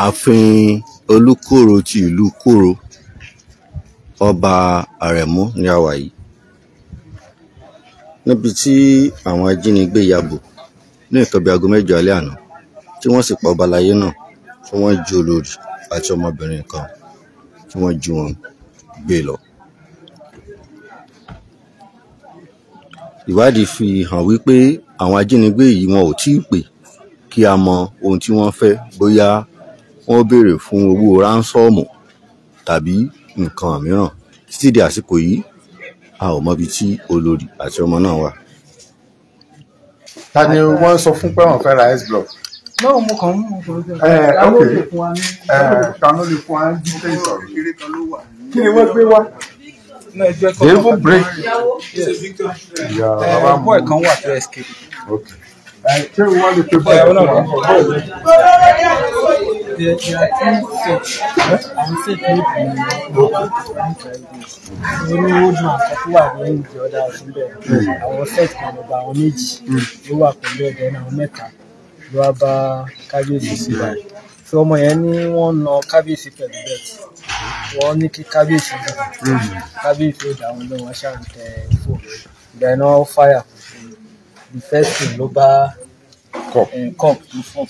ààfin olùkóró ti ìlú kóró ọba àrẹ̀mú ni a wà yìí níbi tí àwọn ajínigbé ya bò ní nǹkan bíi aago mẹ́jọ alẹ́ àná tí wọ́n sì pa ọba aláyé náà tí wọ́n ju olórí àti ọmọbìnrin kan tí wọ́n ju wọn gbé lọ. ìwádìí fi hàn wípé àwọn ajínigbé yìí wọn ò tí ì pè kí a mọ ohun tí wọ́n fẹ́ bóyá wọ́n béèrè fún owó ránsọ́ọ̀mù tàbí nǹkan mìíràn títí di àsìkò yìí a ò mọbi tí olórí àti ọmọ náà wà. ta ni wọ́n sọ fún pé wọ́n fẹ́ ra ice block. náà mo kàn ń mú ọkùnrin jẹ eh, ká eh, ló lè fún wa ní. ká ló lè fún wa ní jíjẹ ìsọ̀rọ̀ kéré kan ló wà. kí ni wọ́n gbé wá. they even break. ìyàwó eh, àmọ́ ẹ̀kan wà tó escape. ṣé wọ́n lè pe bọ́ọ̀lù náà there, there are two sets. One set may be only old man kan tó wà lẹ́yìn ìjọ dáa síbẹ̀. Àwọn set kan ló bá àwọn méjì ló wà pẹ̀lú ẹ̀dẹ̀ náà mẹ́ta ló wá bá kábíyèsí síbà. Fi ọmọ yẹn ní wọ́n na kábíyèsí pẹ̀lú Wọ́n ní kí kábíyèsí náà. Kábíyèsí ó dà wọ́n lọ́wọ́ ṣáà ń tẹ fóònù. Ìgbà iná fáyà kò ló bá cup. Eh, cup tó fọ́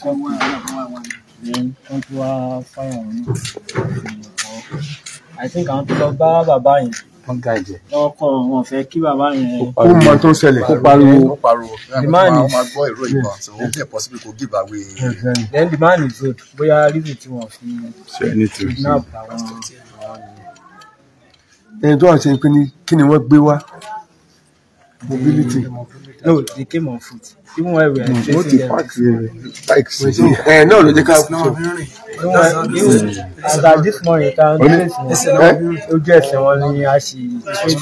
wọ́n tún wá wọn náà i think àwọn tó lọ bá bàbá yẹn wọ́n ga ẹ̀jẹ̀. wọ́n kọ́ wọn fẹ́ kí bàbá yẹn. ó mọ tó ṣẹlẹ̀ kó pariwo. ó pariwo the man máa gbọ́ ìró ìgbà so ó jẹ́ possible kó give away. then the man is good bóyá ríbi tí wọ́n fi kidnap àwọn ẹni tó wà ṣe pé kí ni wọ́n gbé wá mobility. No, they came on foot. Even while we were mm, chasing them. Park, yeah. Bikes. Eh, no, they just no. Àgbà this morning ta ń tẹ̀sí wọn. Ojú ẹsẹ̀ wọn ni a ṣe ìṣe.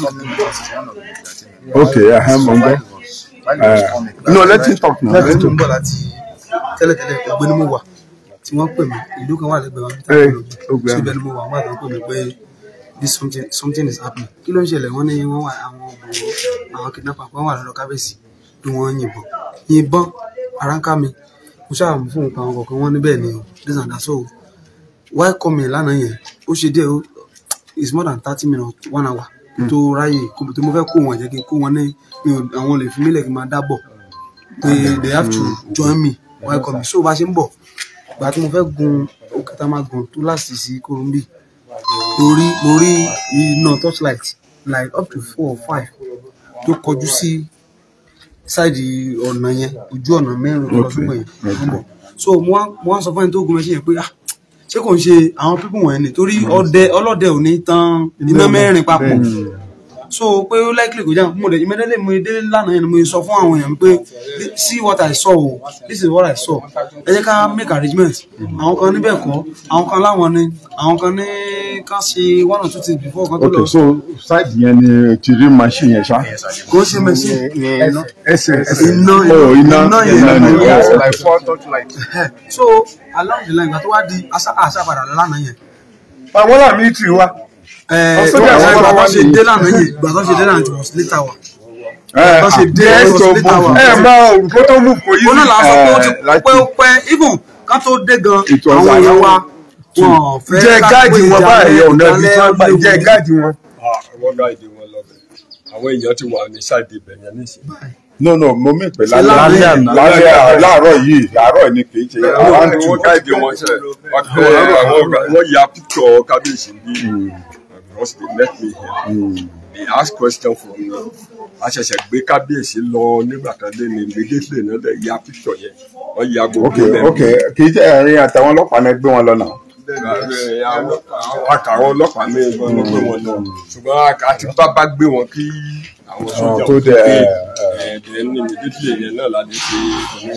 Okay, aha, mo ń bẹ́. No, let him talk now. Let him talk. Tẹ́lẹ̀tẹ́lẹ̀ ẹgbẹ́ ni mo wà tí wọ́n pè mí ìlú kan wà lẹ́gbẹ̀ẹ́ wọn. Eh, Ṣé ibẹ̀ ni mo wà wọ́n àtàwọn pè mí pé this something something is happening kí ló ń ṣẹlẹ̀ wọ́n ní wọ́n wà àwọn òbòrò àwọn kidnapper wọ́n wà lọ́dọ̀ kábíyèsí ni wọ́n yìnbọn yìnbọn aráńká mi mo ṣáà mú fóun pa àwọn kọ̀ọ̀kan wọ́n níbẹ̀ ni this and that so why come here lánàá yẹn ó ṣe díẹ̀ it's more than thirty minutes one hour tó hmm. ráyè tó mo fẹ́ kó wọn jẹ́ kí n kó wọn ní àwọn olè fún kí n máa dábọ̀ they they have to hmm. join me why come so bá ṣe ń bọ̀ gbà tí mo fẹ́ gun òkè tá máa gun tó láti sí kòròmbì mo rí mo rí iná torchlight like up to four or five tó kọjú sí ṣáìdì ọ̀nà yẹn ojú ọ̀nà mẹ́rin lọ́sùpọ̀ yẹn ń bọ̀ so mo wá sọ fún ẹni tó gun mẹ́ṣẹ́ yẹn pé ah ṣé kò ń ṣe àwọn pípọ̀ wọ̀nyẹn ni torí ọlọ́dẹ ò ní tán iná mẹ́rin papọ̀ so pé ó likely kò jẹun mo dẹ̀ ìmẹ́lẹ́lẹ́ mo délé lánàá yẹn mo sọ fún àwọn èèyàn pé see what I saw o this is what I saw ẹ jẹ́ ká make arrangement àwọn kan níbẹ̀ kọ́ àwọn kan láwọn ni àwọn kan ní ká ṣe one or two things before kan tó lọ. ok so side yẹn ni ti rí machine yẹn ṣá. kò ṣe machine ẹsẹ ẹsẹ oh, iná iná iná yẹn ni like four touch light. so along the line gbà tó wá di àṣà àṣà padà lánàá yẹn. àwọn làmì tì wá. Eh, bàbá ṣe dé lànà yìí bàbá ṣe dé lànà tí wọ́n sì létà wà. Eh, bàbá ṣe ah, dé wọ́n sì létà wà. ẹ eh, bá olùkó tó lù kó yìí. onílà sọ pé ó ti pẹ́ pẹ́ even ká tó dé gan àwọn èèyàn wa wọn fẹ́ jẹ́ gáàdì wọn báyìí ọ̀nà ibi tí wọ́n gbà jẹ́ gáàdì wọn. Ah, àwọn gáàdì wọn lọ àwọn èèyàn ti wà ní ṣáàdì ibẹ̀ nísìnyí no mo mí pé lálẹ́ àná láàárọ̀ yìí àárọ̀ ni kì ṣe one gáàdì wọn ṣe wọ́n ya píkọ̀ kábíyèsí bíi. Hmm because they met me here. Mm. They asked question from me. A ṣẹ̀ṣẹ̀ gbé kábíyèsí lọ nígbà kan dé ni immediately náà dẹ̀ ya picture yẹn. Wọ́n ya gbogbo lẹ́nu. Ok ok kì í jẹ́ ẹ̀rín àtàwọn ọlọ́pàá náà gbé wọn lọ náà. ọlọ́pàá náà gbé wọn lọ. Ṣùgbọ́n àti bábá gbé wọn kí àwọn sójà tó dé ẹ̀ẹ́dẹ́ ní immediately yẹn náà láti ṣe ọ̀hún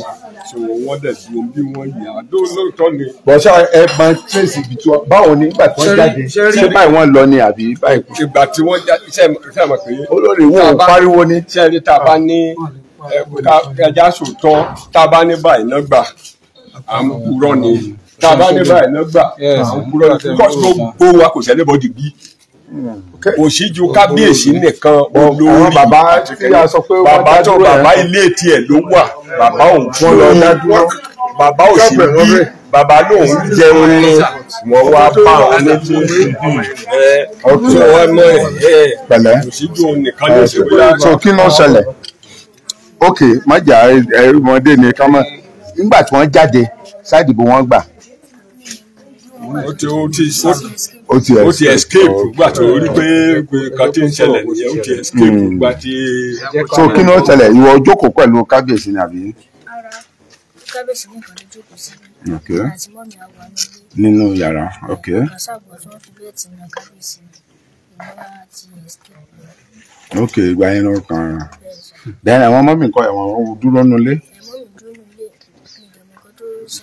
so wọ́n dẹ̀ sí bí wọ́n yà á dó lóòótọ́ ni. bọ́sà ẹ máa trace ibi tí wọ́n báwo ni nígbà tí wọ́n jáde ṣé báyìí wọ́n lọ ni àbí báyìí. ìgbà tí wọ́n jáde ṣe é mọ̀ pé. olórí wọn pariwo ni. ṣé ẹni tá bá ní ẹja sòótọ́ tá bá ní báyìí náà gbà à ni tá bá ní báyìí náà gbà à ni because gbogbo wa kò òṣìjú kábíyèsí nìkan olórí bàbá tó bàbá ilé tiẹ̀ ló wà bàbá òun fún un bàbá òṣì bí bàbá lòun jẹun ni wọn wá bá òun ní ìlú ọtún ọmọ ẹ pẹ̀lẹ́ òṣìjú nìkan ló ṣe wíyá. so kí ló ṣẹlẹ̀ ok má jà ẹ̀rí mọ́dé ni ká nígbà tí wọ́n jáde ṣáà wọn gbà ó ti ó ti ó ti escape gbà tó rí pé nǹkan tí ń ṣẹlẹ̀ nìyẹn ó ti escape hmm. gbà tí. so kí ni ó ṣẹlẹ̀ ìwọ ojókòó pẹ̀lú kábíyèsí ni àbí. Ok. kábíyèsí nínú yàrá ok. ok ìgbà yẹn ló kàn án. then àwọn mọ́mí nǹkan ẹ̀wọ̀n dúró nulẹ̀.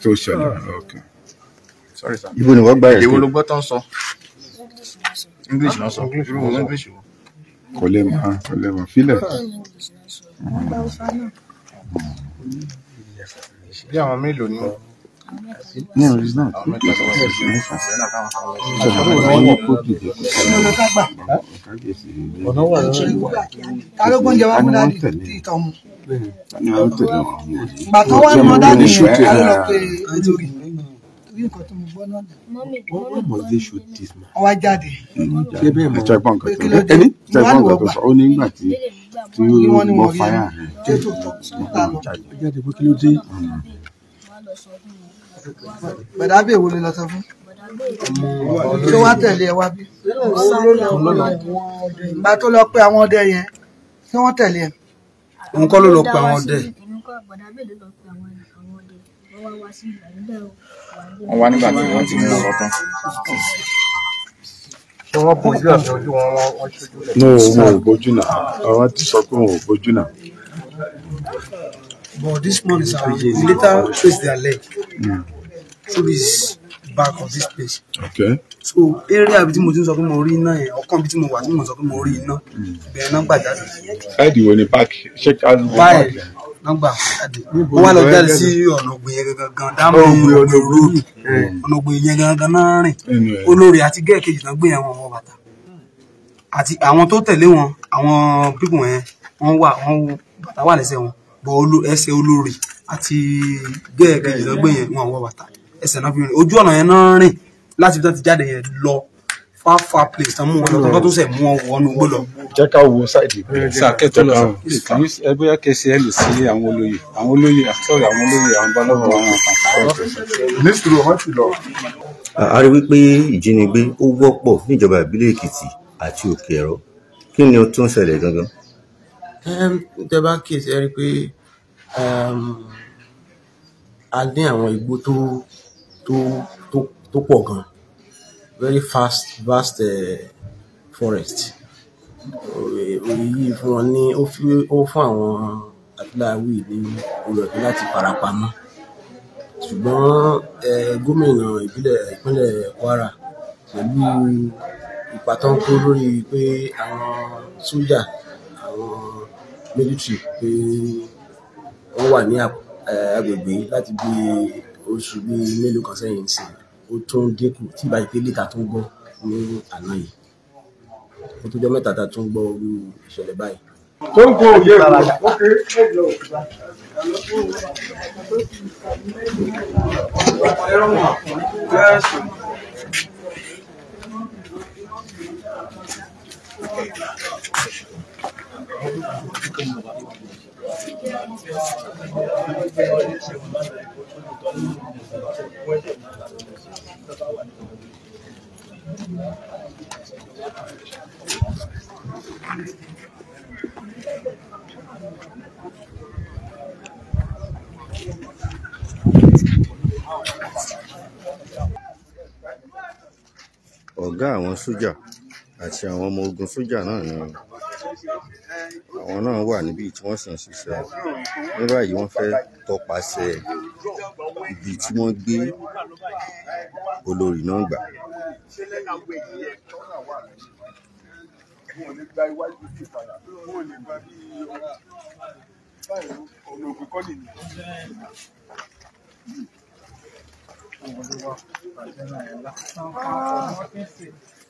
tó ṣẹlẹ̀ ok. okay sorry sir. ibo ni wọ́n gba ẹ̀sìn. èwo ló gbọ́ tán sọ. english náà sọ irú wo english wo. kò lè mọ ah, kò lè mọ fílẹ̀. bí àwọn mélòó ni. No, it's not. ọ̀nà wà lọ́wọ́. kálógún jẹ wá fún dáàdì tí ìtọ́ mu. gbàtọ́ wà ní ọ̀dà nìyẹn kálógún pé nítorí nǹkan tó mo gbọ́ náà ni. wọ́n jáde. ṣé bẹ́ẹ̀ mọ̀ gbọ́n nǹkan tó sọ ó ní ìgbà tí tí wọ́n fáyà rẹ̀ jáde pé kí ni lọ sọ fún tó wá tẹ̀lé ẹ wá bí. ìgbà tó lọ pé àwọn ọdẹ yẹn tí wọ́n tẹ̀lé ẹ. òun ló lọ pé àwọn ọdẹ wọ́n wá nígbà tí wọ́n ti mú ọwọ́ tán. ṣé wọ́n ò bójú náà àwọn ti sọ pé òun ò bójú náà. But this morning, is our later trace their leg mm. through this back of this place. Okay. So area bí tí mo ti ń sọ pé mo rí iná yẹn ọkàn bí tí mo wà tí mo sọ pé mo rí iná hmm. bẹ́ẹ̀ náà gbàjá. Ṣáìdì wo ni páàkì ṣé ká ló wọ páàkì? gbàgbà wọ́n wá lọ jáde sí ọ̀nà ògbìn yẹn gangan dáàmú ọ̀nà ògbìn ọ̀nà ògbìn yẹn gangan náà rìn olórí àti gẹ́ẹ̀kejì náà gbé yẹn wọn wọ bàtà àti àwọn tó tẹ̀lé wọn àwọn pípọ̀ yẹn wọ́n wà wọ́n bàtà wà lẹ́sẹ̀ wọn bọ̀ ẹsẹ̀ olórí àti gẹ́ẹ̀kejì náà gbé yẹn wọn wọ bàtà ẹsẹ̀ náà fi rìn ojú ọ̀nà yẹn náà rìn láti fi tó ti jáde yẹn lọ far far place tán mú wọn lọ tán bá tún sẹ̀ mú wọn wọnú gbó lọ. jẹ́ ká wo ṣáìdì bẹ́ẹ̀. sàkẹ́tọ̀ lọ ẹgbẹ́ kẹsì ẹ̀ lè sí àwọn olóyè àwọn olóyè àtọ́rọ̀ àwọn olóyè àwọn balọ̀gbọ̀ àwọn kan. nísìrò wọn ti lọ. a rí wípé ìjínigbé ó wọ́pọ̀ níjọba ìbílẹ̀ èkìtì àti òkè ẹ̀rọ kí ni ó tún ṣẹlẹ̀ gangan. tẹ bá kíyèsí ẹ rí i pé a ní àwọn igbó tó tó tó pọ̀ gan-an very fast vast uh, forest òye yìí fún wọn ní ó fún àwọn adúláwì ní olùrẹ̀pẹ̀ láti farapamọ́ ṣùgbọ́n gómìnà ìbílẹ̀ ìpínlẹ̀ Kwara pẹ̀lú ipa tó ń kó lórí pé àwọn sójà àwọn military pé wọ́n wà ní agbègbè láti bí oṣù bíi mélòó kan sẹ́yìn sí i ó tún dínkù tí ìbá yìí pé lítà gbọ́ ní àná yìí ó tó jọ mẹ́ta tá a tún gbọ́ irú ìṣẹ̀lẹ̀ báyìí. tó ń kó òye rẹ̀ ókè Thank you. àwọn sójà àti àwọn ọmọ ogun sójà náà ni àwọn náà wà níbi tí wọ́n sì ń ṣiṣẹ́ ní báyìí wọ́n fẹ́ tọpasẹ̀ ibi tí wọ́n gbé olórí náà gbà. Thank you.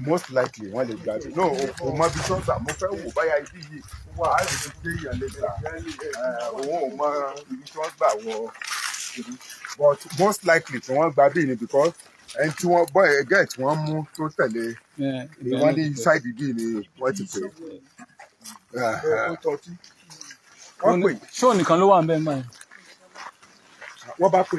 most likely wọ́n lè gbà no o mọ bí sọ́ọ̀sà mo fẹ́ wò báyà ibi yìí wà á lè fi dé ìyàn lè eh, gbà òun ò mọ ibi tí wọ́n gbà wọ but most likely tí wọ́n gbà bí ni because ẹni tí wọ́n bọ́ ẹ̀gẹ́ tí wọ́n mú tó tẹ̀lé eh, ni wọ́n ní ṣáìdì bíi ni wọ́n ti pè eh, wọ́n pè. ṣó nìkan ló wà ń bẹ́ẹ̀ mọ́ ẹ. wọ́n bá pè.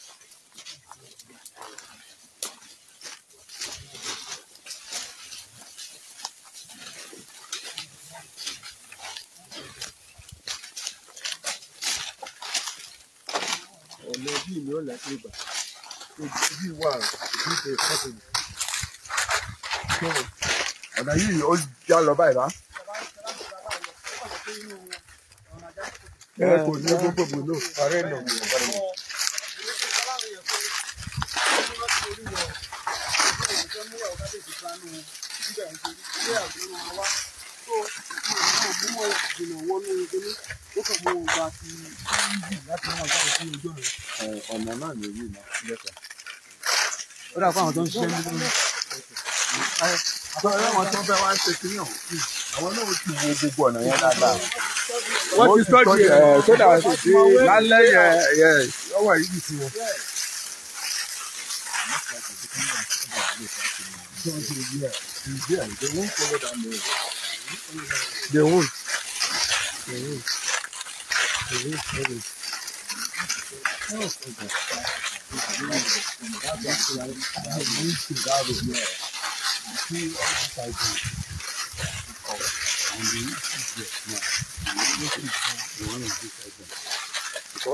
labour. Ojú wà ojú tẹ fọ́sìn. Ọ̀nà yìí ó já lọ báyìí bá. Ẹ kò ní gbogbo gbòòlò. Ọ̀rẹ́ nà ó kàn mú ọgbà tí yíyí láti máa gbà sí ojú ọ̀rẹ́. ọ̀nà náà ni èyí náà lẹ́sẹ̀. ó dà fún àwọn tó ń ṣiṣẹ́ nínú. àtọ́rẹ́ àwọn tó ń bẹ wá ń ṣe kínní ọ̀hún àwọn náà ti wo gbogbo ọ̀nà yẹn dáadáa. wọ́n ti tọ́jú ẹ̀ sódà sí lálẹ́ yẹn ọwọ́ yìí ti wọ̀. They won't. They won't. Because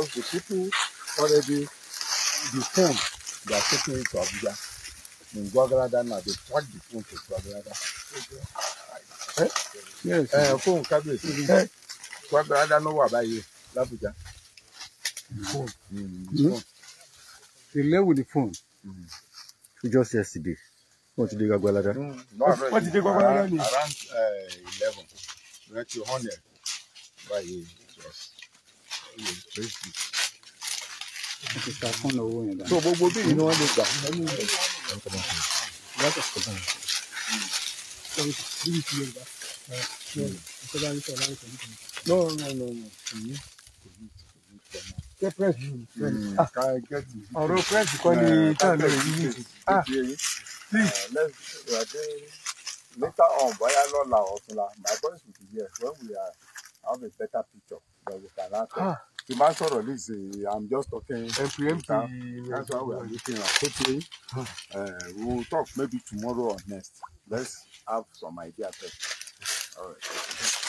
the people already the phone they are taking to Abuja. In Gwagarada now they track the phone to Gwagarada. Eh? Yes. Ẹ eh, fóònù kábíyèsí. Eh. Gwagarada ló wà báyìí l'Abuja. The phone. Mm, the phone. He hmm? left with the phone. Mm-hmm. Just yesterday. What did they go Gbalada? Mm, what did they go Gbalada? Around, around uh, 11. We went to Honda. By he was. He was crazy. So gbogbo bí ìnáwó lè gbà. No, no, no, no. Mm -hmm ṣé press yìí hmm. ah. ọ̀rọ̀ press kọ́ ni tán lọ yìí ah, ní later on bóyá lọ́la ọ̀túnla my voice will be here when we are have a better picture than we can now talk. Ah. tí máa sọ̀rọ̀ ní ìsìn i'm just talking empty that's why we are looking at okay eh, we will talk maybe tomorrow or next let's have some ideas. first. All right.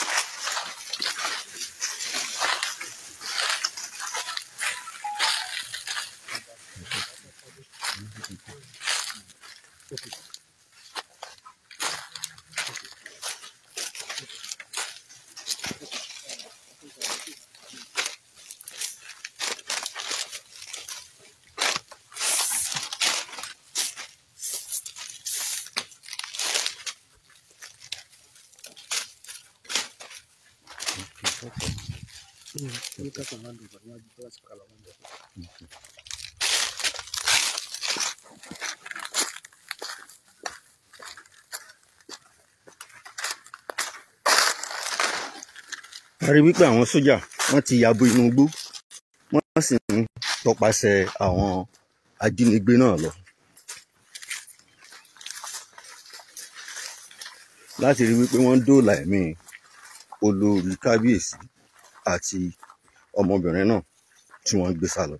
kutoka ng'ombe kwa maji mpaka chuka la ng'ombe. Okay. a rí wípé àwọn ti ya bo inú igbó wọ́n sì ń tọpasẹ̀ àwọn ajínigbé náà lọ. láti rí wípé wọ́n dóòlà ẹ̀mí olórí kábíyèsí àti ọmọbìnrin náà tí wọ́n gbé sá lọ.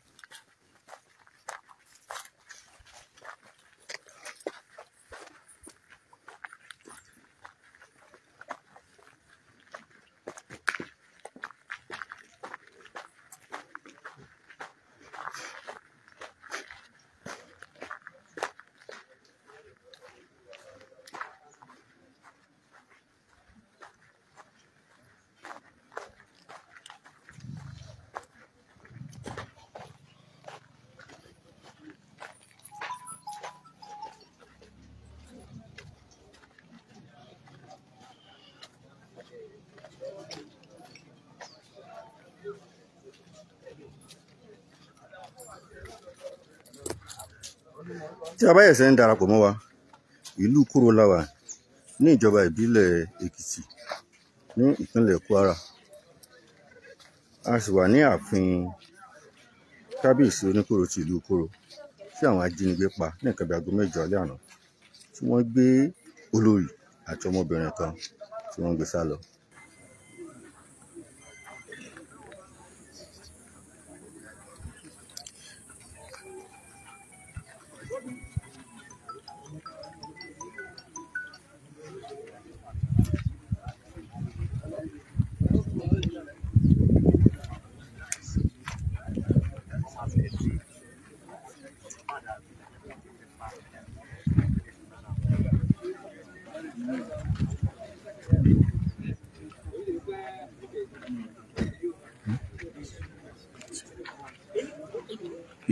tí a bá yẹ̀sẹ̀ ń darapọ̀ mọ́ wa ìlú Kúrò la wà ní ìjọba ìbílẹ̀ Èkìtì ní ìpínlẹ̀ Kwara a sì wà ní ààfin kábíyèsí Oníkòrò ti ìlú Kúrò tí àwọn ajínigbé pa ní nǹkan bí aago mẹ́jọ alẹ́ àná tí wọ́n gbé olórí àti ọmọbìnrin kan tí wọ́n gbé sá lọ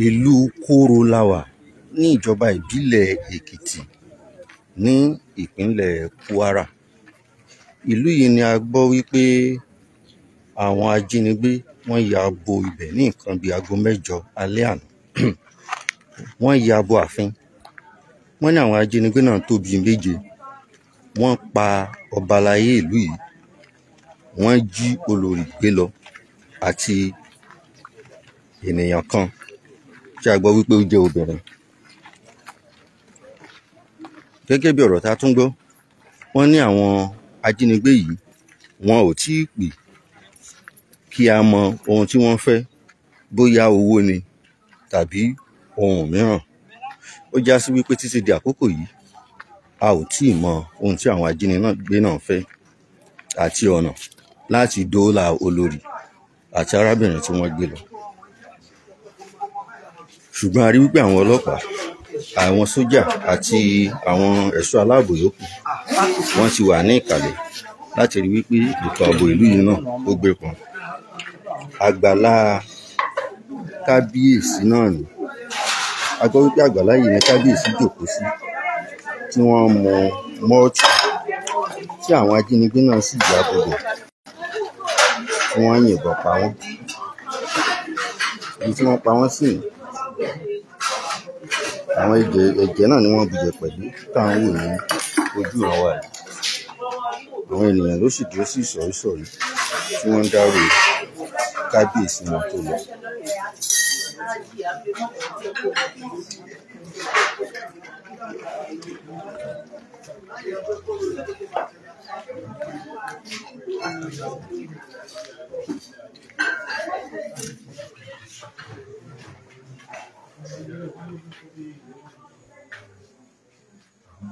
ìlú kóró la wà ní ìjọba ìbílẹ̀ èkìtì ní ìpínlẹ̀ kwara ìlú yìí ni a gbọ́ wípé àwọn ajínigbé wọ́n ya bo ibẹ̀ ní nǹkan bíi aago mẹ́jọ alẹ́ àná wọ́n ya bo ààfin wọ́n ní àwọn ajínigbé náà tó bíi méje wọ́n pa ọbalayé ìlú yìí wọ́n jí olórí gbé lọ àti ènìyàn kan ṣe àgbọ̀ wípé ó jẹ́ obìnrin gẹ́gẹ́ bí ọ̀rọ̀ tá tún gbọ́ wọ́n ní àwọn ajínigbé yìí wọn ò tí ì pè kí a mọ ohun tí wọ́n fẹ́ bóyá owó ni tàbí ohun mìíràn ó já sí wípé títí di àkókò yìí a ò tí ì mọ ohun tí àwọn ajínigbé náà fẹ́ àti ọ̀nà láti dóòlà olórí àti arábìnrin tí wọ́n gbé lọ ṣùgbọ́n a rí wípé àwọn ọlọ́pàá àwọn sójà àti àwọn ẹ̀ṣọ́ aláàbò yòókù wọ́n ti wà ní ìkàlẹ̀ láti rí wípé ètò ààbò ìlú yìí náà ó gbé pọn àgbàlá kábíyèsí náà ni a gbọ́ wípé àgbàlá yìí ni kábíyèsí jòkó sí tí wọ́n mu mọ́ọ̀tì tí àwọn ajínigbé náà sì já gbogbo tí wọ́n yìnbọn pa wọ́n ibi tí wọ́n pa wọ́n sí ni àwọn ẹ̀jẹ̀ ẹ̀jẹ̀ náà ni wọ́n bùjẹ̀ pẹ̀lú tá ń wò ní ojú àwa yìí àwọn ènìyàn ló sì dúró sí ìsọ̀rí sọ̀rí tí wọ́n ń dárò kábíyèsí wọn tó lọ. Thank you.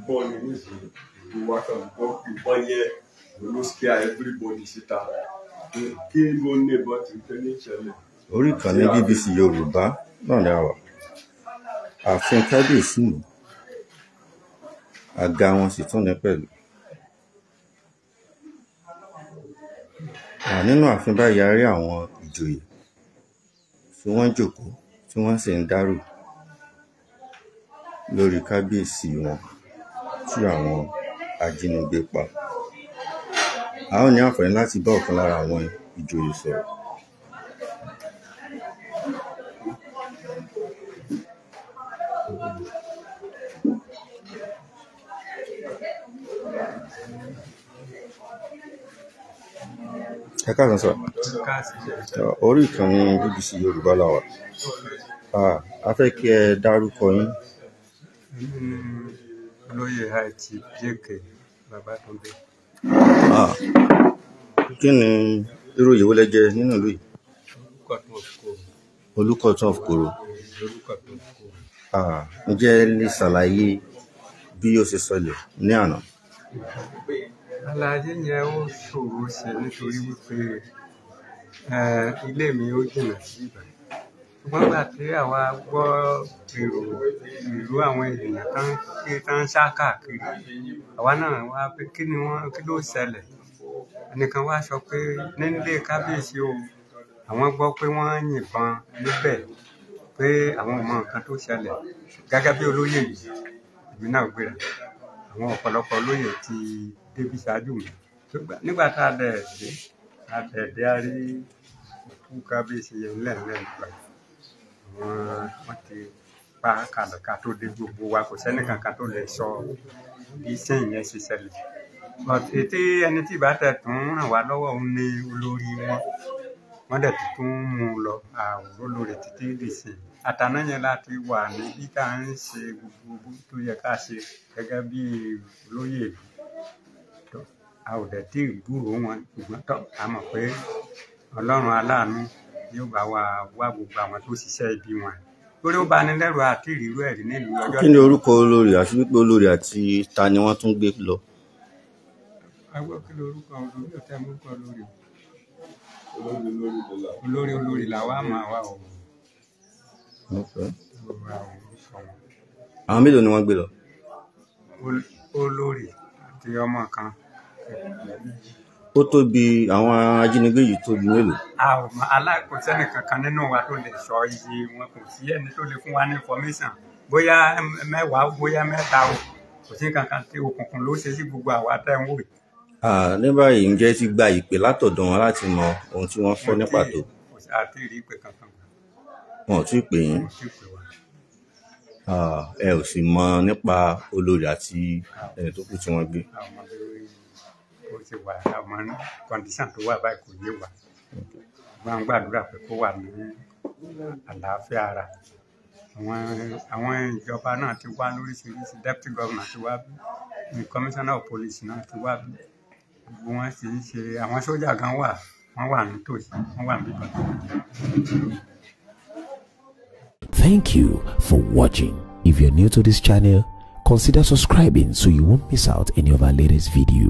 gbọ́ ni nísìnyí tó wá kan gbọ́ pé wọ́n yẹ ló scare everybody síta kí ló ní ìbọn tí nǹkan ní ìṣẹ̀lẹ̀. orí ìkànnì BBC Yorùbá náà ni a wà ààfin kábíyèsí mi àga wọn sì tún ní pẹ̀lú. nínú ààfin báyìí a rí àwọn ìjòyè tí wọ́n jókòó tí wọ́n sì ń dárò lórí kábíyèsí wọn tí àwọn ajínigbé pa a ó ní àǹfààní láti bá ọ̀kan lára àwọn ìjòyè sọ̀rọ̀ ẹ káàsán sọ orí ìkànnì BBC Yorùbá la wà a fẹ́ kí ẹ dárúkọ yín lóye àìtìjẹkẹ babatúndé. Ah, kí ni irú ìyẹ̀wò lẹ jẹ nínú ìlú yìí. olùkọ́tún of koro. ǹjẹ́ lè ṣàlàyé bí yóò ṣe sọlẹ̀ ní àná. àlàyé yẹn ó ṣòro ṣe nítorí wípé eh, ilé mi ó jìnnà sí Ìbàdàn ṣùgbọ́n nígbà tí àwa gbọ́ ìró ìró àwọn èèyàn tán kí tán ṣá káàkiri àwa náà wá pé kí ni wọ́n kí ló ṣẹlẹ̀ ẹnìkan wá sọ pé nílé kábíyèsí o àwọn gbọ́ pé wọ́n yìnbọn níbẹ̀ pé àwọn ò nǹkan tó ṣẹlẹ̀ gẹ́gẹ́ bí olóyè yìí ìlú náà gbéra àwọn ọ̀pọ̀lọpọ̀ olóyè ti débi ṣáájú mi nígbà tá a dẹ̀ dé a dẹ̀ dé a rí òkú kábíyèsí yẹn lẹ́ẹ̀lẹ́ẹ̀ gbà wọ́n ti pa kàlọ́kà tó dé gbogbo wa kò sẹ́ni kankan tó lè sọ bí sẹ́yìn yẹn ṣe ṣẹlẹ̀ ètè ẹni tí ìbá tẹ̀ tún ràn wá lọ́wọ́ òun ni olórí wọn wọ́n dẹ̀ tún mú un lọ àwòrán lórí títí dìsì àtàná yẹn láti wà níbí tá à ń ṣe gbogbo tó yẹ ká ṣe gẹ́gẹ́ bí olóyè ìlú tí ì wọn ṣùgbọ́n tọ́ a pé ọlọ́run aláàánú yóò bá wa wá gbogbo àwọn tó ṣiṣẹ́ ibi wọn torí ó bani lẹ́rù àti ìrírú ẹ̀rí nílùú ọjọ́. kí ni orúkọ olórí àti wípé olórí àti ta ni wọ́n tún gbé lọ. agbọ́ kí lorúkọ olórí ò mú kọ́ lórí olórí olórí làwa máa wà o. àwọn mélòó ni wọ́n gbé lọ. olórí àti ọmọ kan ó tóbi àwọn ajínigbé yìí tóbi mélòó. a ò mọ aláìkọsẹ́nì kankan nínú wa tó lè sọ iye wọn kò sí ẹni tó lè fún wa ní information bóyá mẹ́wàá bóyá mẹ́ta o kò sí kankan tí òkùnkùn ló ṣe sí gbogbo àwa tẹ́ ń wò yìí. ní báyìí ǹjẹ́ ti gba ìpè látọ̀dọ̀ wọn láti mọ ohun tí wọ́n fọ́ ní pàtó. àti ìrí ìpè kankan. wọn ò tí ì pè yín ẹ ò sì mọ nípa olórí àti ẹni tó kù tí wọ́n gbé ó ti wà àmọ́ kọ́ndíṣàn tó wà báyìí kò ní wà wọ́n gbàdúrà pé kó wà ní àlàáfíà ara àwọn àwọn ìjọba náà ti wá lóríṣiríṣi deputy governor ti wá bí commissioner of police náà ti wá bí gbogbo wọn sì ń ṣe àwọn sójà gan wà wọn wà nítòsí wọn wà níbà. Thank you for watching. If you're new to this channel, consider subscribing so you won't miss out any of our latest video.